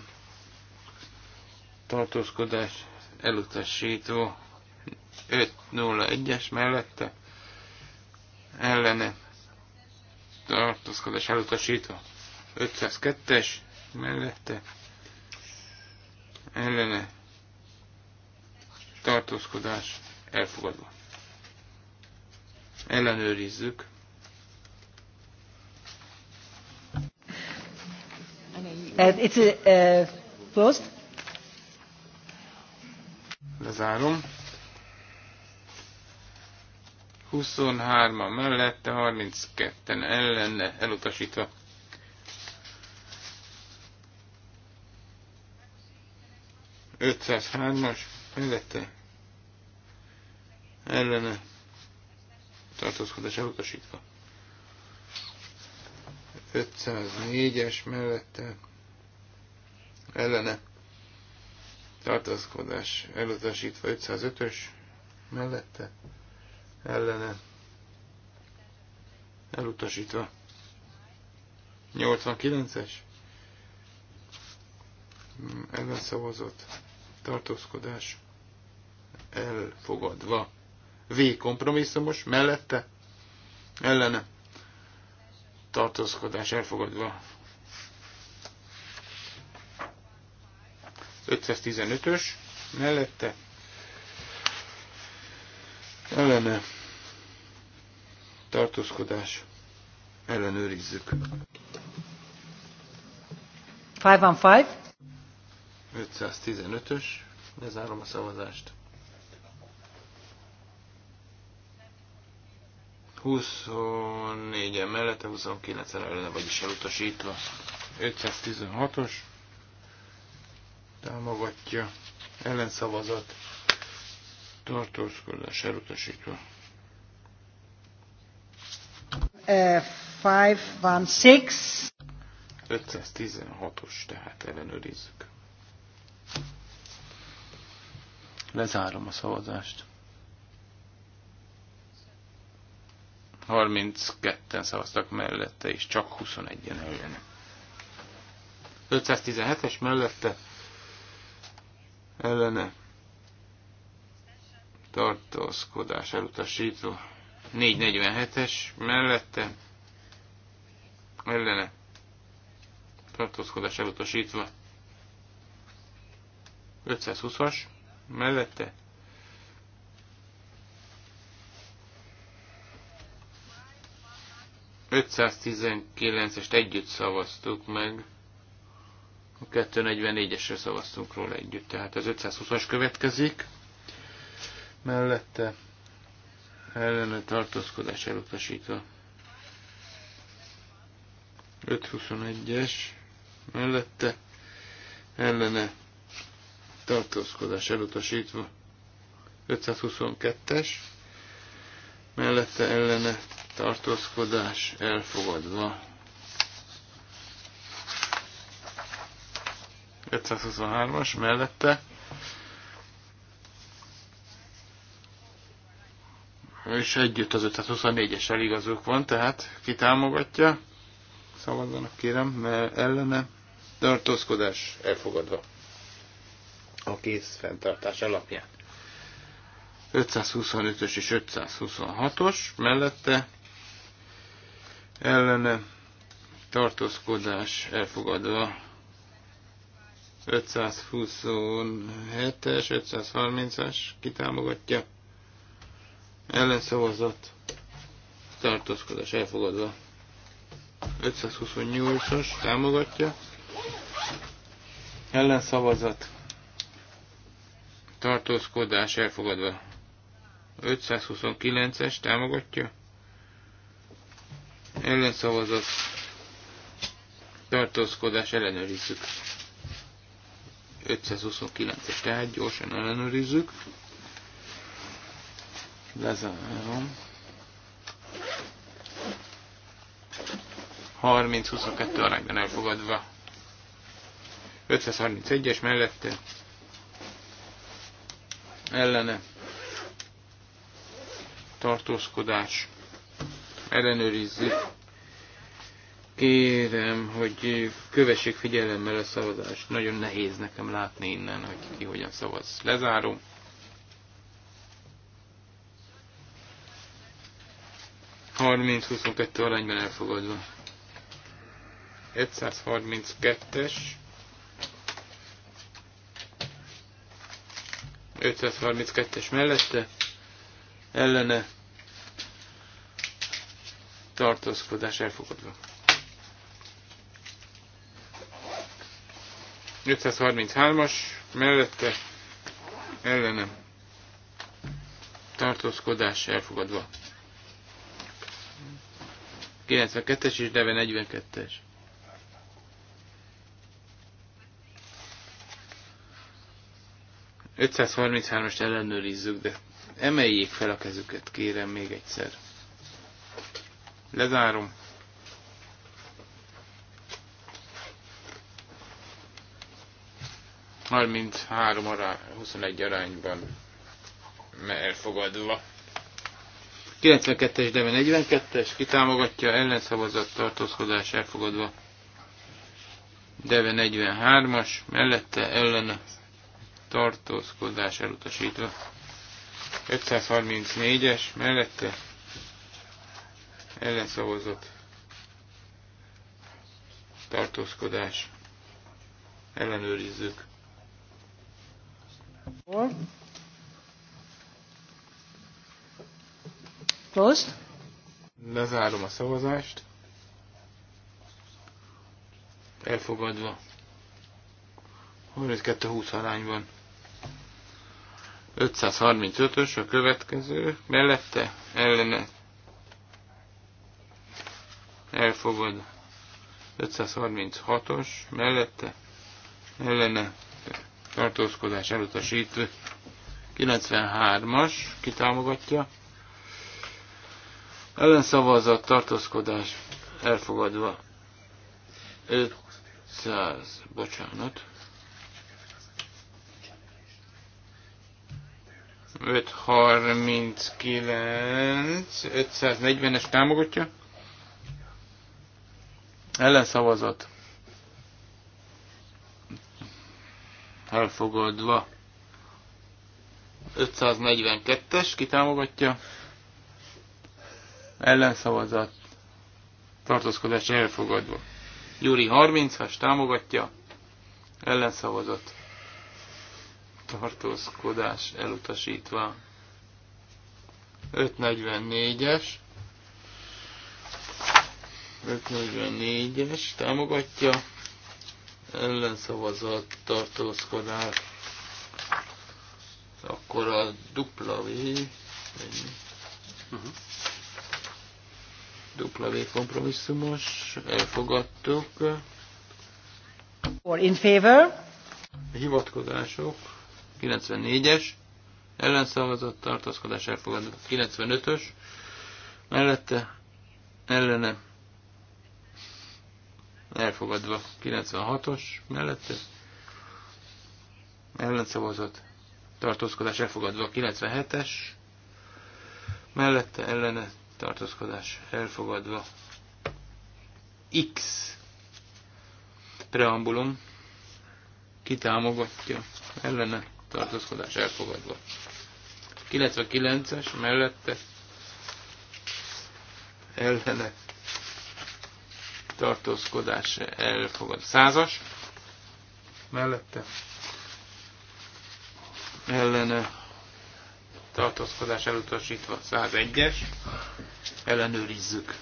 tartózkodás elutasító 501-es mellette ellene tartózkodás elutasító 502-es mellette ellene tartózkodás elfogadva. Ellenőrizzük. Uh,
it's a, uh, closed.
Lezárom. 23-a mellette, 32-en ellenne elutasítva. 503-as mellette ellene tartózkodás elutasítva. 504-es mellette ellene tartózkodás elutasítva 505-ös mellette ellene elutasítva 89-es hm, ellen szavazott tartózkodás elfogadva. V kompromisszumos, mellette, ellene, tartózkodás elfogadva. 515-ös, mellette, ellene, tartózkodás, ellenőrizzük.
5 on 5.
515-ös, lezárom a szavazást. 24-en mellette, 29-en előre vagyis elutasítva. 516-os támogatja ellenszavazat tartózkodás elutasítva.
Uh, 516.
516-os, tehát ellenőrizzük. Lezárom a szavazást. 32-en szavaztak mellette, és csak 21-en ellen. 517-es mellette ellene tartózkodás elutasító. 447-es mellette ellene tartózkodás elutasítva. 520-as mellette ...519-est együtt szavaztuk meg, a 244-esre szavaztunk róla együtt, tehát az 520-as következik, mellette ellene tartózkodás elutasítva. 521-es mellette ellene tartózkodás elutasítva. 522-es, mellette ellene tartózkodás elfogadva. 523-as mellette és együtt az 524 es eligazók van, tehát ki támogatja, szavazzanak kérem, mert ellene tartózkodás elfogadva a fenntartás alapján. 525-ös és 526-os mellette ellene tartózkodás elfogadva 527-es, 530-as kitámogatja ellenszavazat tartózkodás elfogadva 528 os támogatja ellenszavazat tartózkodás elfogadva. 529-es támogatja. Ellenszavazat tartózkodás ellenőrizzük. 529-es, tehát gyorsan ellenőrizzük. Lezárom. 30-22 arányban elfogadva. 531-es mellette ellene tartózkodás ellenőrizzük. Kérem, hogy kövessék figyelemmel a szavazást. Nagyon nehéz nekem látni innen, hogy ki hogyan szavaz. Lezárom. Harminc, huszonkettő arányban elfogadva. 132-es 532-es mellette ellene tartózkodás elfogadva. 533-as mellette ellene tartózkodás elfogadva. 92-es és Deve 42-es. 533 est ellenőrizzük, de emeljék fel a kezüket, kérem még egyszer. Lezárom. Harminc három ará, 21 arányban elfogadva. 92-es, de 42-es, kitámogatja, ellenszavazat, tartózkodás elfogadva. Deve 43-as, mellette ellene tartózkodás elutasítva. 534-es mellette ellenszavazott tartózkodás ellenőrizzük. Closed. Lezárom a szavazást. Elfogadva. 32-20 arányban. 535-ös a következő, mellette ellene elfogad 536-os, mellette ellene tartózkodás elutasítő 93-as kitámogatja, ellenszavazat tartózkodás elfogadva 500, bocsánat, 539, 540-es támogatja. Ellenszavazat. Elfogadva. 542-es kitámogatja. Ellenszavazat. Tartózkodás elfogadva. Júri 30-as támogatja. Ellenszavazat tartózkodás elutasítva. 544-es 544-es támogatja ellenszavazat tartózkodás akkor a dupla V dupla V kompromisszumos elfogadtuk or in favor hivatkozások 94-es, ellenszavazat, tartózkodás elfogadva. 95-ös, mellette, ellene, elfogadva. 96-os, mellette, ellenszavazat, tartózkodás elfogadva. 97-es, mellette, ellene, tartózkodás elfogadva. X preambulum kitámogatja ellene tartózkodás elfogadva. 99-es mellette ellene tartózkodás elfogad. Százas mellette ellene tartózkodás elutasítva. 101-es ellenőrizzük.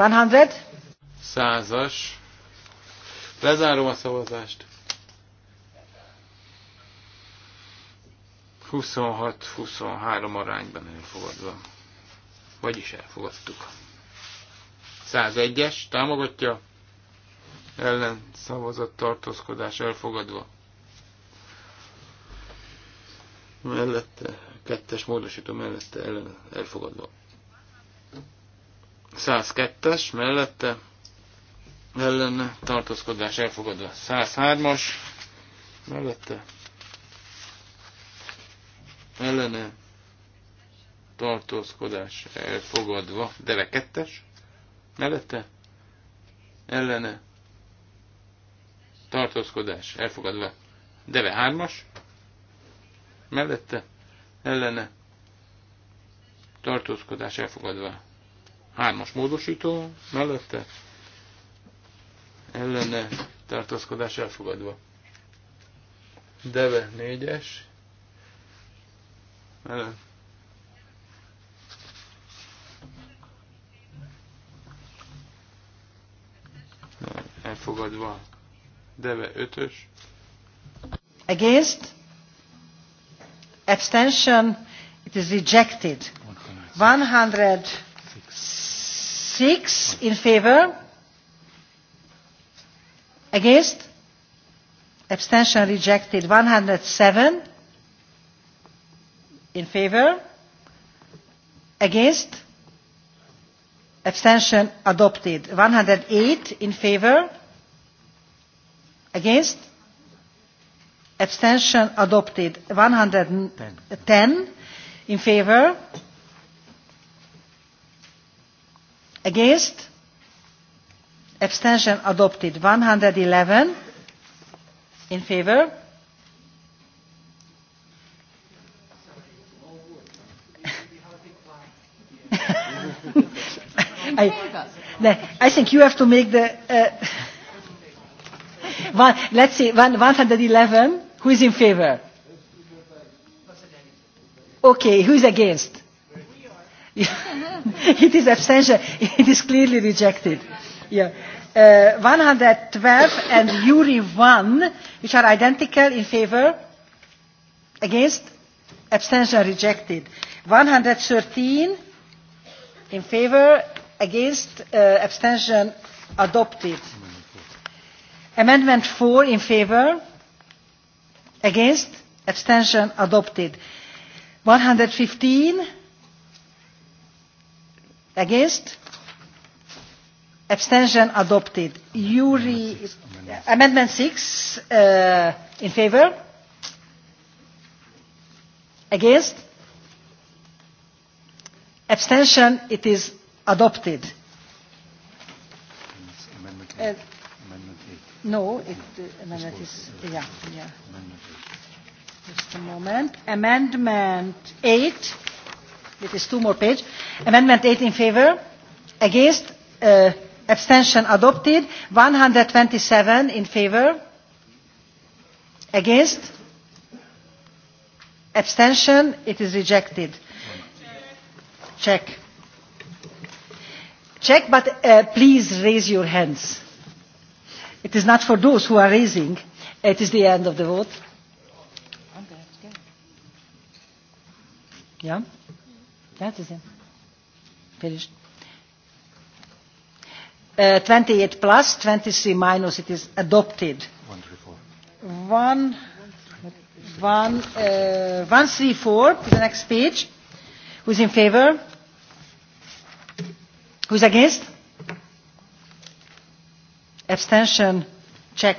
100? Százas. Lezárom a szavazást. 26-23 arányban elfogadva. Vagyis elfogadtuk. 101-es támogatja, ellen szavazat tartózkodás elfogadva. Mellette, kettes módosító mellette ellen elfogadva. 102-es mellette ellen tartózkodás elfogadva. 103-as mellette ellene tartózkodás elfogadva, deve kettes, mellette ellene tartózkodás elfogadva, deve hármas, mellette ellene tartózkodás elfogadva, hármas módosító, mellette ellene tartózkodás elfogadva. Deve négyes, ellen. Elfogadva. Deve ötös?
Against. Abstention. It is rejected. 106 in favor. Against. Abstention rejected. 107 in favour against abstention adopted 108 in favour against abstention adopted 110 in favour against abstention adopted 111 in favour I, I think you have to make the uh, one, let's see one, 111 who is in favor okay who is against it is abstention it is clearly rejected yeah uh, 112 and Yuri 1 which are identical in favor against abstention rejected 113 in favor against uh, abstention adopted amendment four in favour against abstention adopted one hundred fifteen against abstention adopted Yuri, amendment, six uh, in favour against abstention it is adopted. Amendment uh, eight. Uh,
amendment eight. No, it,
uh, amendment is, yeah, yeah. Amendment eight. Just a moment. Amendment 8, it is two more page. Amendment 8 in favor, against, uh, abstention adopted, 127 in favor, against, abstention, it is rejected. Check. Check check but uh, please raise your hands it is not for those who are raising it is the end of the vote yeah that is it finished uh, 28 plus 23 minus it is adopted 134 one one uh, one three four to the next page Who is in favor Who's against? Abstention? Check.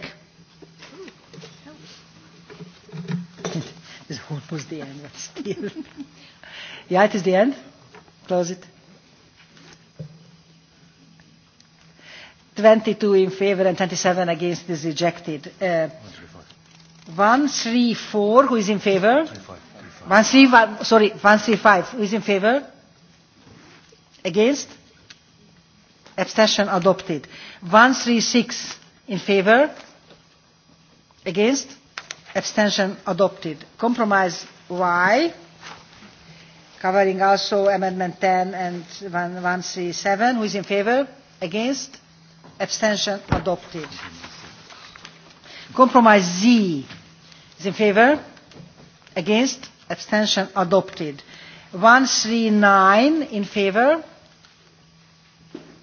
it's almost the end, but still. yeah, it is the end. Close it. 22 in favor and 27 against is rejected. Uh, four. who is in favor? One, three, 135, sorry, one, three, five. who is in favor? Against? abstention adopted. one three six in favour against abstention adopted. compromise y covering also amendment ten and one three seven who is in favour against abstention adopted. compromise z is in favour against abstention adopted. one three nine in favour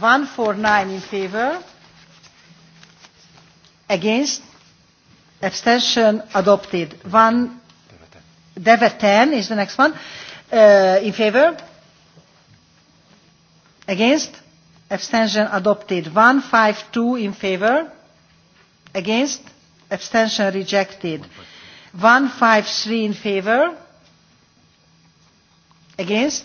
149 in favor against abstention adopted one deva 10 is the next one uh, in favor against abstention adopted 152 in favor against abstention rejected 153 in favor against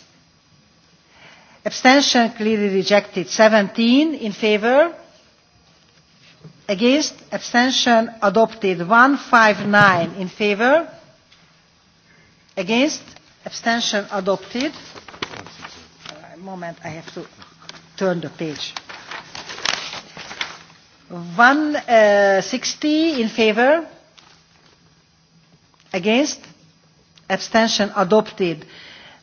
abstention clearly rejected 17 in favor against abstention adopted 159 in favor against abstention adopted uh, moment I have to turn the page 160 uh, in favor against abstention adopted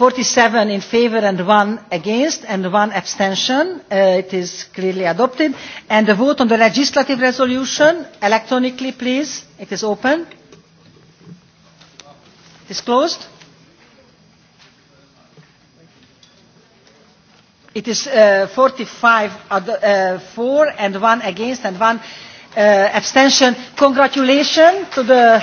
47 in favor and 1 against and 1 abstention. Uh, it is clearly adopted. And the vote on the legislative resolution, electronically please. It is open. It is closed. It is uh, 45 uh, 4 and 1 against and 1 uh, abstention. Congratulations to the